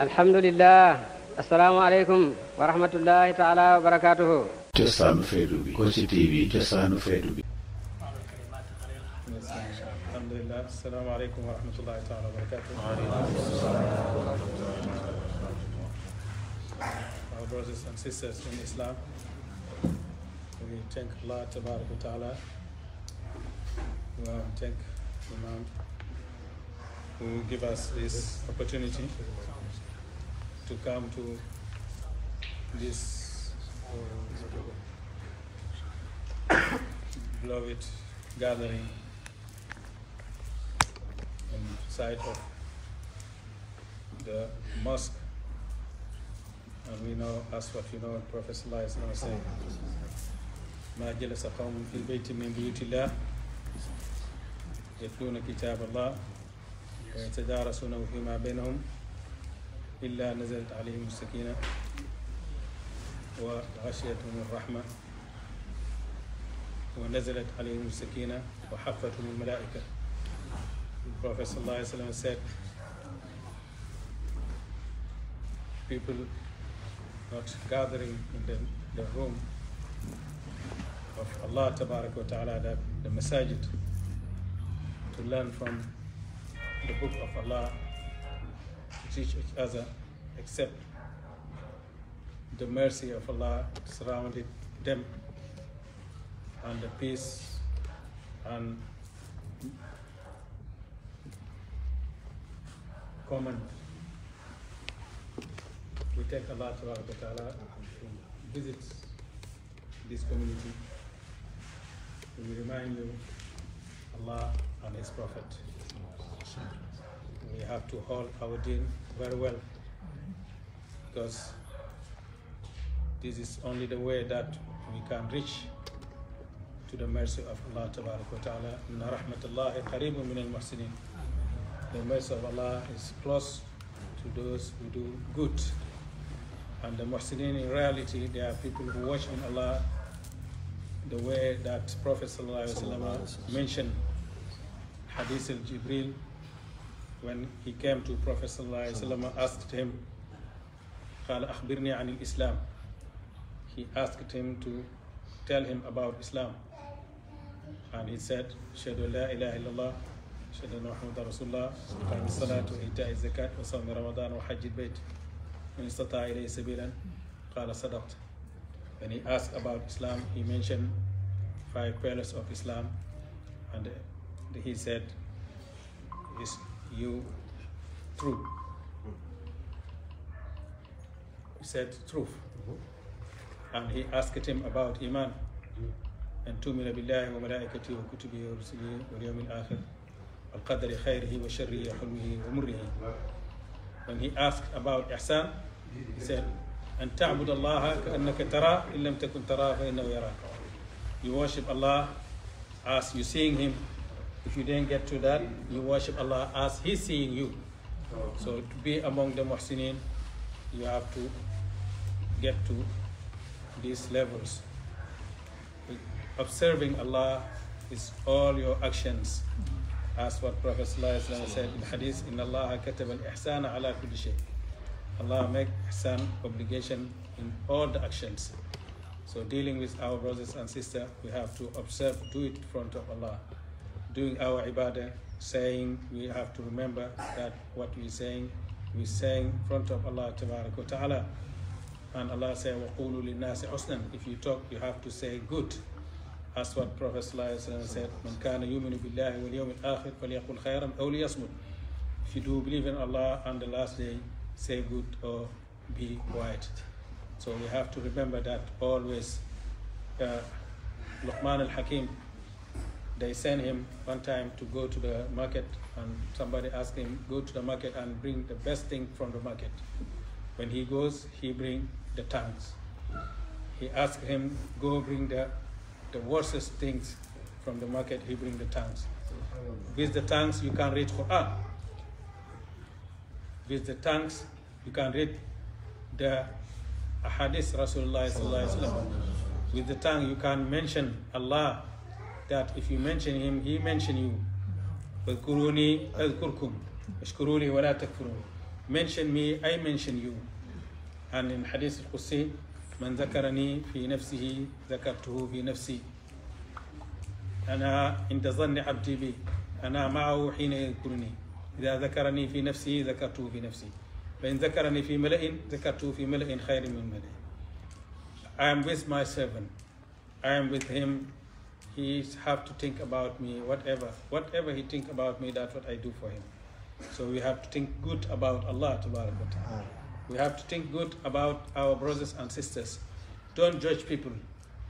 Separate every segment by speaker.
Speaker 1: الحمد لله السلام عليكم ورحمة الله تعالى وبركاته جسان فيدوبي كوشي تي في جسان فيدوبي الحمد السلام عليكم ورحمة الله تعالى وبركاته Our brothers and sisters in Islam we thank Allah تبارك وتعالى we thank Imam who give us this opportunity to come to this uh, beloved gathering on the site of the mosque. And we know, as what you know, Prophet Sallallahu Alaihi Wasallam ما جلس قوم في البيت من بيوت الله يتلون كتاب الله ويتدارسونه فيما إلا نزلت عليهم السكينة وغشيتهم الرحمة ونزلت عليهم السكينة وحفتهم الملائكة. The Prophet ﷺ said, people not gathering in the, the room of Allah Tabarak wa Ta'ala, the, the Masajid, to learn from the book of Allah teach each other except the mercy of Allah surrounded them and the peace and common. We take Allah to Ta'ala visits this community. We remind you Allah and His Prophet we have to hold our deen very well because this is only the way that we can reach to the mercy of Allah Ta'ala. min al The mercy of Allah is close to those who do good. And the muhsinin in reality, they are people who watch on Allah the way that Prophet mentioned Hadith al-Jibril when he came to Prophet ﷺ, asked him, أخبرني عن الإسلام. He asked him to tell him about Islam. And he said, شهد لا إله إلا الله شهد أن محمد رسول الله قام الصلاة وإيتاء الزكاة وصوم رمضان وحج البيت من استطاع إليه سبيلا قال صدقت. When he asked about Islam, he mentioned five pillars of Islam and he said, you through. He said truth. Mm-hmm. And he asked him about Iman. أن تؤمن بالله وملائكته وكتبه القدر خيره وشره وحلمه ومره When he asked about Ihsan, he said, أن تعبد الله كأنك ترى إن لم تكن ترى فإنه يراك You worship Allah as you seeing Him if you didn't get to that, you worship Allah as He's seeing you. So to be among the Muhsinin, you have to get to these levels. Observing Allah is all your actions. As what Prophet said in Hadith, in Allah katab al-ihsan ala kulli shay. Allah make ihsan obligation in all the actions. So dealing with our brothers and sisters, we have to observe, do it in front of Allah doing our ibadah, saying we have to remember that what we're saying, we're saying in front of Allah Ta'ala. And Allah says وَقُولُوا لِلنَّاسِ حُسْنًا If you talk, you have to say good. That's what Prophet said, If you do believe in Allah and the last day, say good or be quiet. So we have to remember that always. Uh, Luqman al-Hakim they sent him one time to go to the market and somebody asked him, go to the market and bring the best thing from the market. When he goes, he bring the tongues. He asked him, go bring the, the worstest things from the market, he bring the tongues. With the tongues, you can read Quran. Ah, with the tongues, you can read the hadith Rasulullah With the tongue, you can mention Allah that if you mention him, he mentions you. Mention me, I mention you. And in Hadith al Qussi, Man zakarani fi nafsihi, zakartuhu fi nafsi. Ana in tazanni abdi bi, ana ma'ahu hina yadhkuruni. zakarani fi nafsihi, zakartuhu fi nafsi. Wa in fi mala'in, zakartuhu fi mala'in khayri min mala'in. I am with my servant. I am with him he have to think about me whatever whatever he think about me that's what i do for him so we have to think good about allah ta'ala we have to think good about our brothers and sisters don't judge people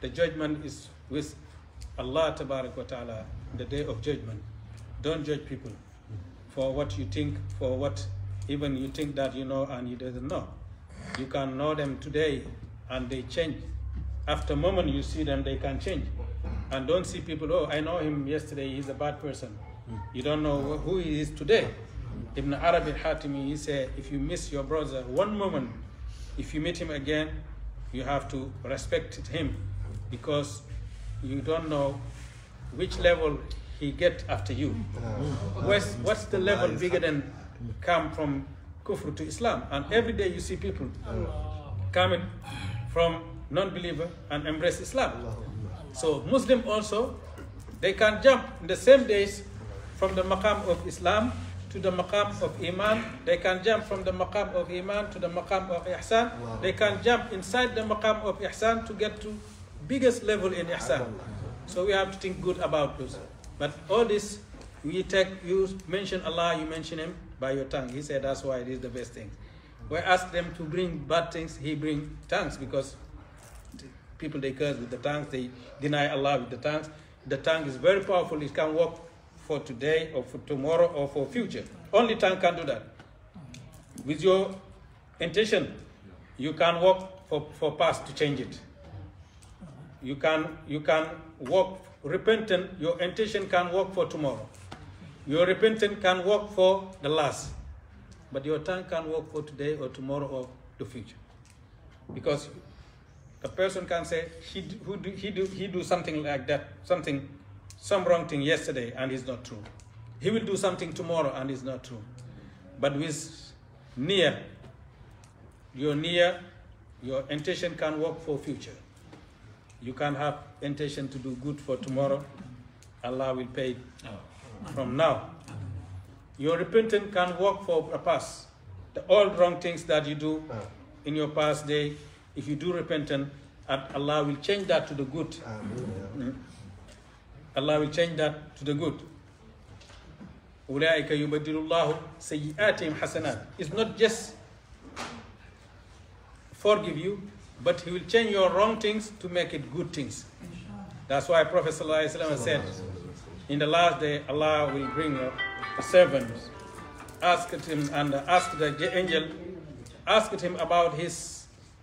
Speaker 1: the judgment is with allah ta'ala the day of judgment don't judge people for what you think for what even you think that you know and you doesn't know you can know them today and they change after a moment you see them they can change and don't see people, oh, I know him yesterday, he's a bad person. You don't know who he is today. Ibn Arabi hatimi he said, if you miss your brother one moment, if you meet him again, you have to respect him because you don't know which level he get after you. What's, what's the level bigger than come from kufr to Islam? And every day you see people coming from non-believer and embrace Islam. So Muslim also, they can jump in the same days from the maqam of Islam to the maqam of Iman. They can jump from the maqam of Iman to the maqam of Ihsan. Wow. They can jump inside the maqam of Ihsan to get to biggest level in Ihsan. So we have to think good about those. But all this, we take, you mention Allah, you mention Him by your tongue. He said that's why it is the best thing. We ask them to bring bad things, He bring tongues because people they curse with the tongues, they deny Allah with the tongues. The tongue is very powerful. It can work for today or for tomorrow or for future. Only tongue can do that. With your intention, you can work for, for past to change it. You can you can work repentant, your intention can work for tomorrow. Your repentance can work for the last. But your tongue can work for today or tomorrow or the future. Because a person can say he who do, he do he do something like that something some wrong thing yesterday and it's not true he will do something tomorrow and it's not true but with near your near your intention can work for future you can have intention to do good for tomorrow allah will pay from now your repentance can work for a past the all wrong things that you do ah. in your past day if you do repentance, Allah will change that to the good. Amen. Hmm? Allah will change that to the good. Ulaika yubadilullahu sayyi'atihim hasanat. It's not just forgive you, but he will change your wrong things to make it good things. That's why Prophet ﷺ said, in the last day, Allah will bring a, a servant, asked him and asked the angel, asked him about his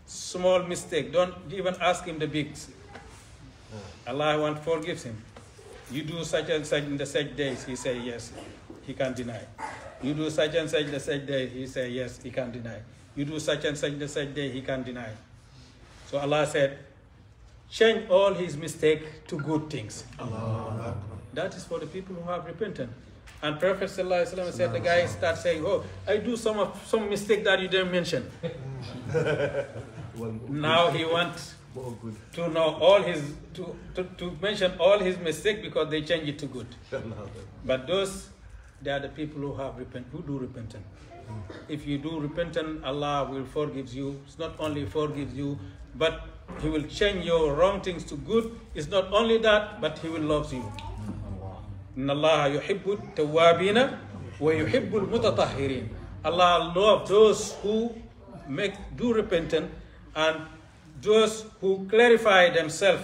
Speaker 1: small mistake. Don't even ask him the bigs. Allah want forgives him. You do such and such in the such days, he say yes, he can not deny. You do such and such the such day, he say yes, he can not deny. You do such and such the such day, he can not deny. So Allah said, change all his mistake to good things. Allah. That is for the people who have repented. And Prophet ﷺ said, the guy start saying, oh, I do some, of, some mistake that you didn't mention. now he wants to know all his to, to, to mention all his mistake because they change it to good but those they are the people who have repent who do repentance hmm. if you do repentance allah will forgive you it's not only forgives you but he will change your wrong things to good it's not only that but he will love you hmm. allah yuhibbut tawabina wa yuhibbul mutatahhirin allah loves those who make do repentance and those who clarify themselves,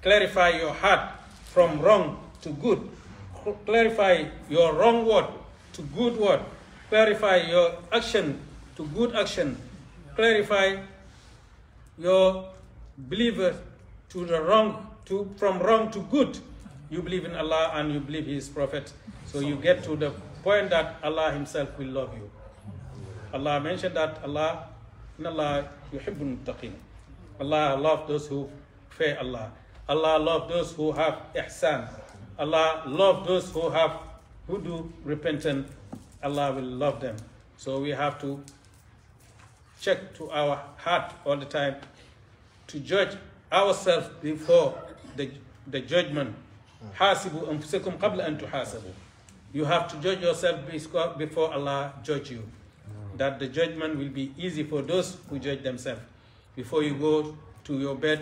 Speaker 1: clarify your heart from wrong to good, clarify your wrong word to good word, clarify your action to good action, clarify your believer to the wrong to from wrong to good. You believe in Allah and you believe His Prophet, so you get to the point that Allah Himself will love you. Allah mentioned that Allah Allah yuhibbul Allah loves those who fear Allah. Allah loves those who have ihsan. Allah loves those who have who do repentance. Allah will love them. So we have to check to our heart all the time to judge ourselves before the, the judgment. Hasibu anfusakum You have to judge yourself before Allah judge you that the judgment will be easy for those who judge themselves. Before you go to your bed,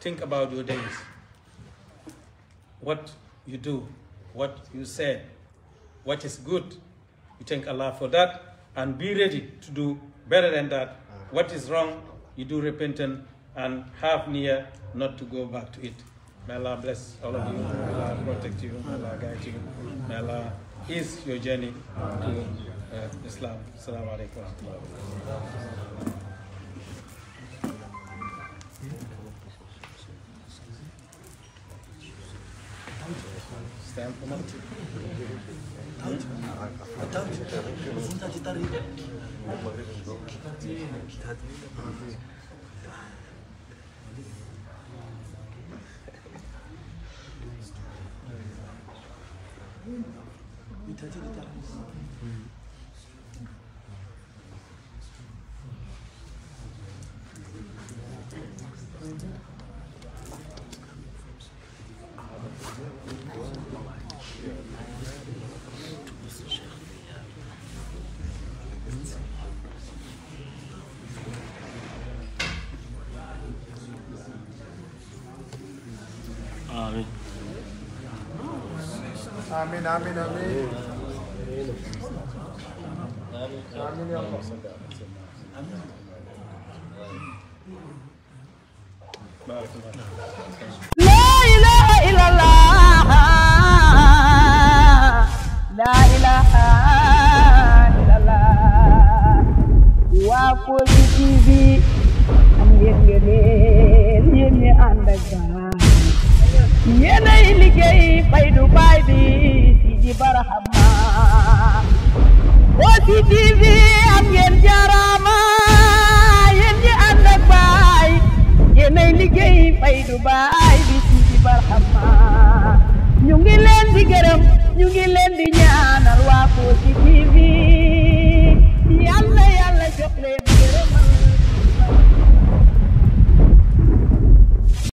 Speaker 1: think about your days. What you do, what you said, what is good. You thank Allah for that and be ready to do better than that. What is wrong, you do repentance and have near not to go back to it. May Allah bless all of you. May Allah protect you. May Allah guide you. May Allah ease your journey to السلام السلام عليكم ورحمه الله Stamp on Amin amin amin. Amin ya Allah. لا إله إلا الله لا إله إلا الله وكل ji barahama Kossy TV am ngeen jarama yéen ñi ànd baay yéenay liggéey fay du baay bi ci ji barahama ñu ngi leen di gërëm ñu leen di ñaanal waa Kossy